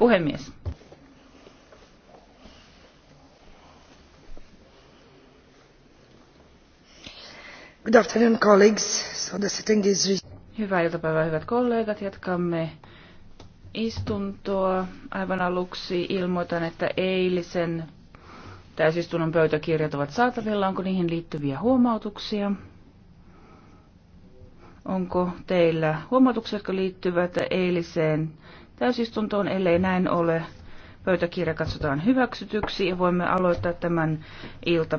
Puhemies. Good afternoon, colleagues. So the sitting is... Hyvää iltapäivää, hyvät kollegat. Jatkamme istuntoa. Aivan aluksi ilmoitan, että eilisen täysistunnon pöytäkirjat ovat saatavilla. Onko niihin liittyviä huomautuksia? Onko teillä huomautuksia, jotka liittyvät eiliseen täysistuntoon, ellei näin ole. Pöytäkirja katsotaan hyväksytyksi ja voimme aloittaa tämän ilta